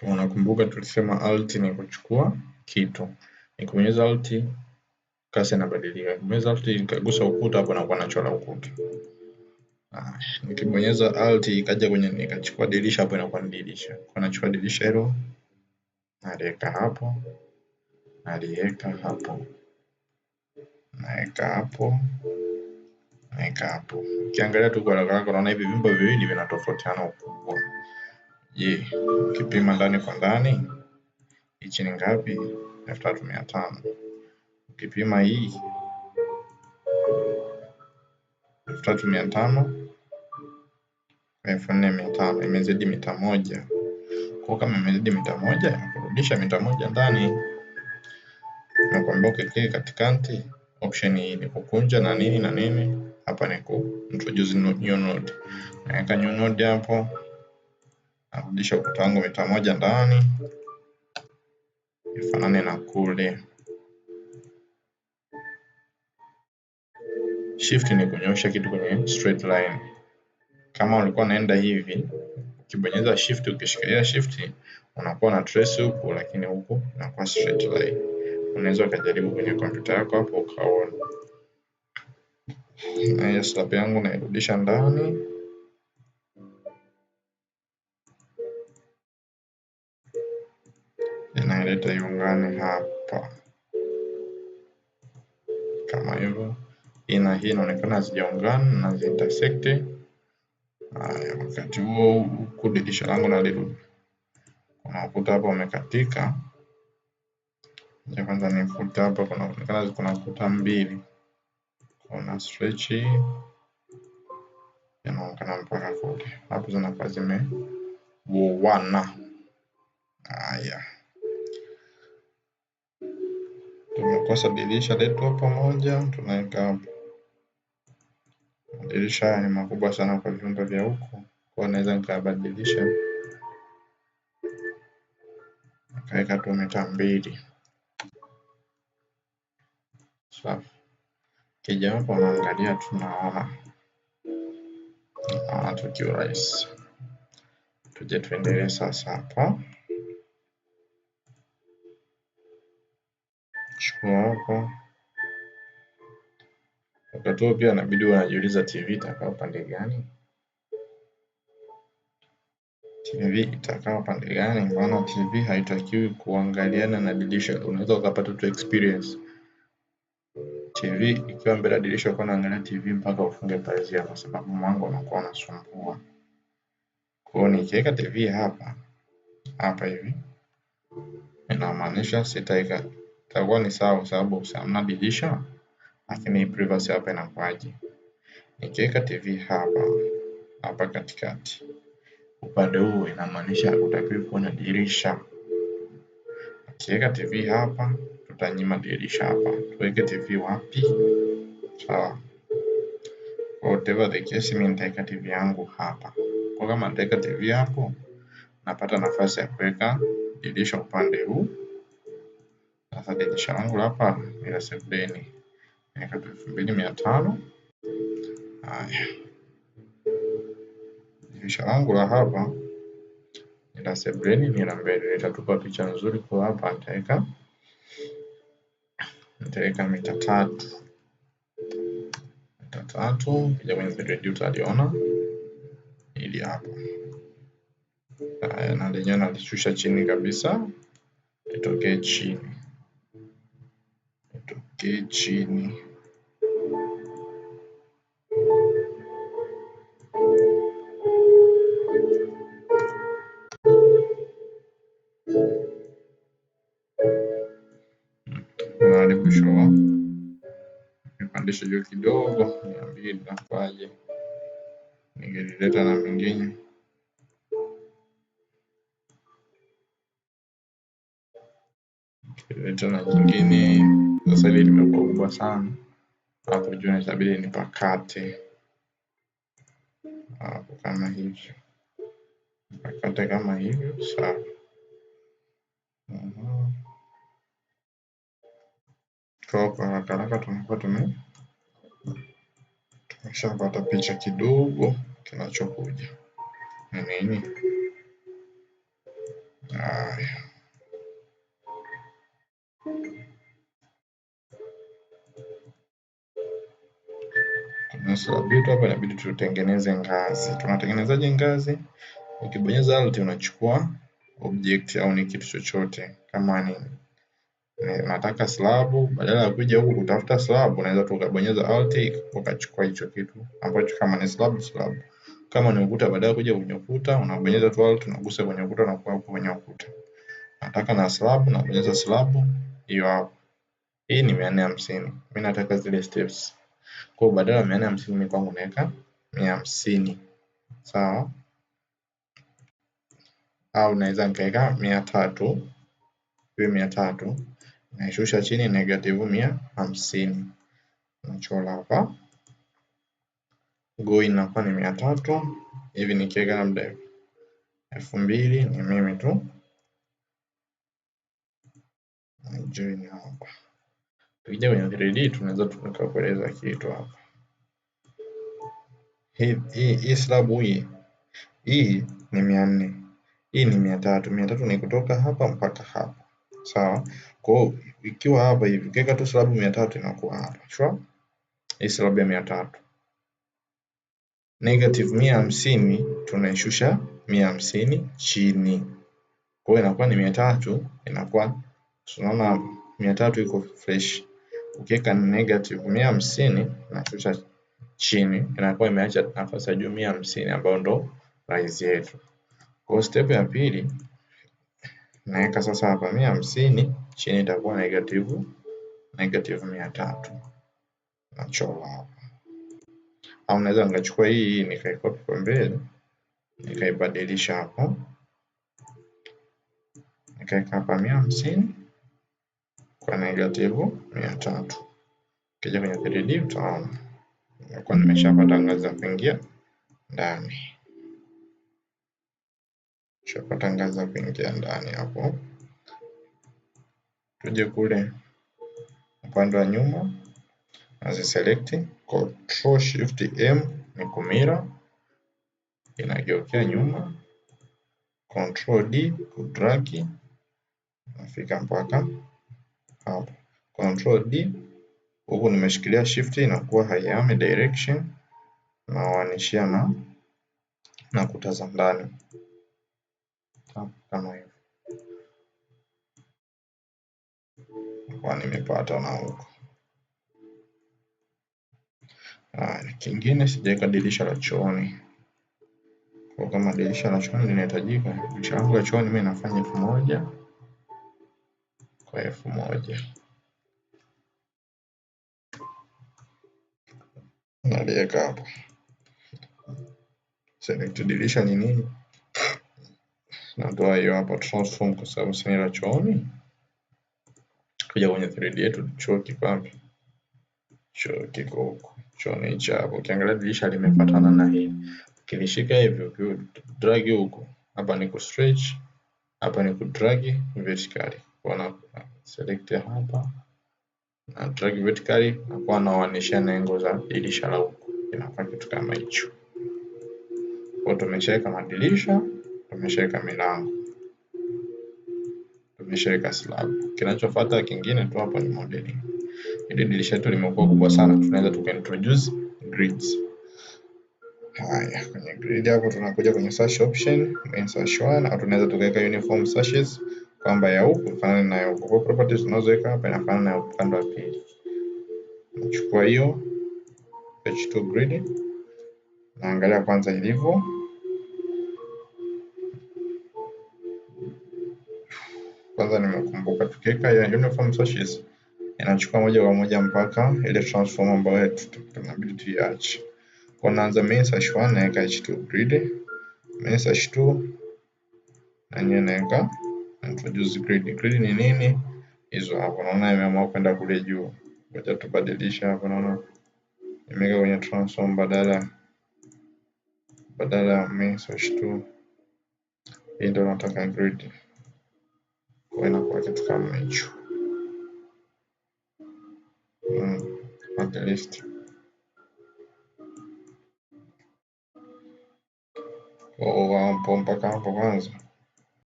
Kama unakumbuka tulisema alt ni kuchukua kitu. Nikibonyeza alt kasi inabadilika. Nikibonyeza alt ikagusa ukuta hapo nakuwa nachora ukuta. nikibonyeza alt ikaja kwenye nikachukua dirisha hapo inakuwa ni dirisha. Kwa nachukua dirisha hilo naliweka hapo. Naliweka hapo. Naweka hapo. Naweka hapo. Ukiangalia tu kwa haraka haraka unaona hivi vimbo viwili vinatofautiana ukubwa. Je, ukipima ndani kwa ndani, hichi ni ngapi? elfu tatu mia tano. Ukipima hii elfu tatu mia tano elfu nne mia tano imezidi mita moja. Kwa kama imezidi mita moja, kurudisha mita moja ndani na kwamba katikati, option hii ni kukunja na nini na nini. Hapa ni ku introduce new node, naweka new node hapo narudisha ukuta wangu mita moja ndani ifanane na kule. Shift ni kunyosha kitu kwenye straight line. Kama ulikuwa unaenda hivi, ukibonyeza shift, ukishikilia shift unakuwa na trace huku, lakini huku inakuwa straight line. Unaweza ukajaribu kwenye kompyuta yako hapo ukaona. Hiyo slab yangu nairudisha ndani leta iungane hapa kama hivyo. Hii na hii inaonekana hazijaungana na zintersect. Haya, wakati huo huku dirisha langu nalirudi, kuna ukuta hapa umekatika. Ja kwanza nifute hapa, kunaonekana kuna kuta mbili, kuna stretch inaonekana mpaka kule hapo, zinakuwa zimewowana Haya tumekosa dirisha letu pamoja tunaweka hapo. Madirisha ni makubwa sana kwa vyumba vya huku, kwa naweza nikabadilisha nikaweka tu mita mbili. Safi. Kija hapo naangalia, tunaona naona tukiurahisi. Tuje tuendelee sasa hapa. mwako. Wakati huo pia inabidi wanajiuliza TV itakaa upande gani? TV itakaa upande gani? Maana TV haitakiwi kuangaliana na dirisha, unaweza ukapata tu experience. TV ikiwa mbele ya dirisha ukuwa unaangalia TV mpaka ufunge pazia, kwa sababu mwanga unakuwa unasumbua. Kwao nikiweka TV hapa hapa hivi, inamaanisha sitaweka itakuwa ni sawa kwa sababu hamna dirisha, lakini privacy hapa inakuwaje? Nikiweka TV hapa hapa katikati, upande huu inamaanisha utakiwa kuwa na dirisha. Nikiweka TV hapa, tutanyima dirisha hapa. Tuweke TV wapi? Sawa, whatever the case, mimi nitaweka TV yangu hapa. Kwa kama nitaweka TV hapo, napata nafasi ya kuweka dirisha upande huu sasa dirisha langu hapa ni la elfu mbili miaka elfu mbili mia tano. Haya, dirisha langu la hapa ni la sebleni, ni la mbele. Litatupa picha nzuri kwa hapa, nitaweka nitaweka mita tatu mita tatu kija kwenye redio utaliona ili hapa na lenyewe nalishusha chini kabisa litokee chini Tuweke chini. Tunarudi kushoto. Nipandishe juu kidogo, niambie nitafaje. Ningelileta na mingine kileta na nyingine sasa hili limekuwa kubwa sana hapo juu, na itabidi nipakate hapo kama hivyo, pakate kama hivyo, sawa. Mhm. Kwa kwa haraka haraka tunakuwa tume tumeshapata picha kidogo. Kinachokuja ni nini? Haya. nusu wa bitu hapa inabidi tutengeneze ngazi. Tunatengenezaje ngazi? Ukibonyeza alt unachukua object au ni kitu chochote, kama ni nataka slab, badala ya kuja huku kutafuta slab, unaweza tu ukabonyeza alt ukachukua hicho kitu ambacho, kama ni slab, slab. kama ni ukuta, badala ya kuja kwenye ukuta unabonyeza tu alt, unagusa kwenye ukuta na kuwa huko kwenye ukuta. Nataka na slabu, nabonyeza slab hiyo hapo. Hii ni 450. Mimi nataka zile steps kwa hiyo badala ya mia nne hamsini mimi kwangu naweka mia hamsini sawa, au naweza nikaweka mia tatu hiyo mia tatu naishusha chini negative mia hamsini nachola hapa go inakuwa ni mia tatu hivi nikiweka labda elfu mbili ni mimi tu join hapa Tukija kwenye 3D tunaweza tukakueleza kitu hapa. Hii hii hii slabu hii hii ni mia hii ni mia tatu. ni kutoka hapa mpaka hapa, sawa. Kwa hiyo ikiwa hapa hivi kika tu slabu mia inakuwa hapa shwa, hii slabu ya mia negative mia hamsini tunaishusha mia hamsini chini, kwa hiyo inakuwa ni mia Inakuwa tunaona mia tatu iko fresh. Ukiweka negative mia hamsini nashusha chini, inakuwa imeacha nafasi ya juu mia hamsini ambayo ndo price yetu. Kwa step ya pili naweka sasa hapa mia hamsini chini itakuwa negative negative mia tatu nachora hapa, au naweza nikachukua hii hii nikaikopi kwa mbele nikaibadilisha hapo nikaweka hapa mia hamsini kwa negativu mia tatu. Ukija kwenye 3D utaona kwa nimeshapata ngazi za kuingia ndani, shapata ngazi za kuingia ndani hapo. Tuje kule upande wa nyuma, naziselekti control shift m ni kumira, inageokea nyuma, control d kudraki, nafika mpaka hapa control D huku nimeshikilia shift inakuwa haihami direction wanishia na kuta za ndani kama hivyo kwa nimepata na huko kingine sijaweka dirisha la chooni kwa kama dirisha la chooni linahitajika dirisha wa chooni mimi nafanya elfu moja kwa elfu moja naliweka hapo. Select dirisha ni nini? Natoa hiyo hapa transform kwa sababu sina la chooni. Kuja kwenye 3D yetu, choo kiko wapi? Chuo kiko huko, chooni cha hapo. Ukiangalia dirisha limepatana na hili, ukilishika hivyo ukidragi huko, hapa ni ku stretch, hapa ni ku drag vertically kuona select hapa na drag vertically, nakuwa naoanisha nengo za dirisha la huko, inafanya kitu kama hicho. Kwa tumeshaweka madirisha, tumeshaweka milango, tumeshaweka slab. Kinachofuata kingine tu hapo ni modeling. Ili dirisha letu limekuwa kubwa sana, tunaweza tuka introduce grids. Haya, kwenye grid hapo tunakuja kwenye search option, main search one, au tunaweza tukaweka uniform sashes kwamba ya huku inafanana na ya huku. Kwa properties tunazoweka hapa inafanana na upande wa pili. Nachukua hiyo H2 grid naangalia kwanza ilivyo. Kwanza nimekumbuka tukiweka ya uniform sources inachukua moja kwa moja mpaka ile transform ambayo tunabidi tuiache. Kwa naanza main search 1 naweka H2 grid, main search 2 na nyingine naweka introduce eh, grid. Grid ni nini? Hizo hapo naona imeamua kwenda kule juu. Ngoja tubadilisha hapo, naona imeweka kwenye transform badala badala ya main search tu. Hii ndio nataka grid kwa, inakuwa kitu kama hicho mm, at least kwa oh, oh, mpaka hapo kwanza.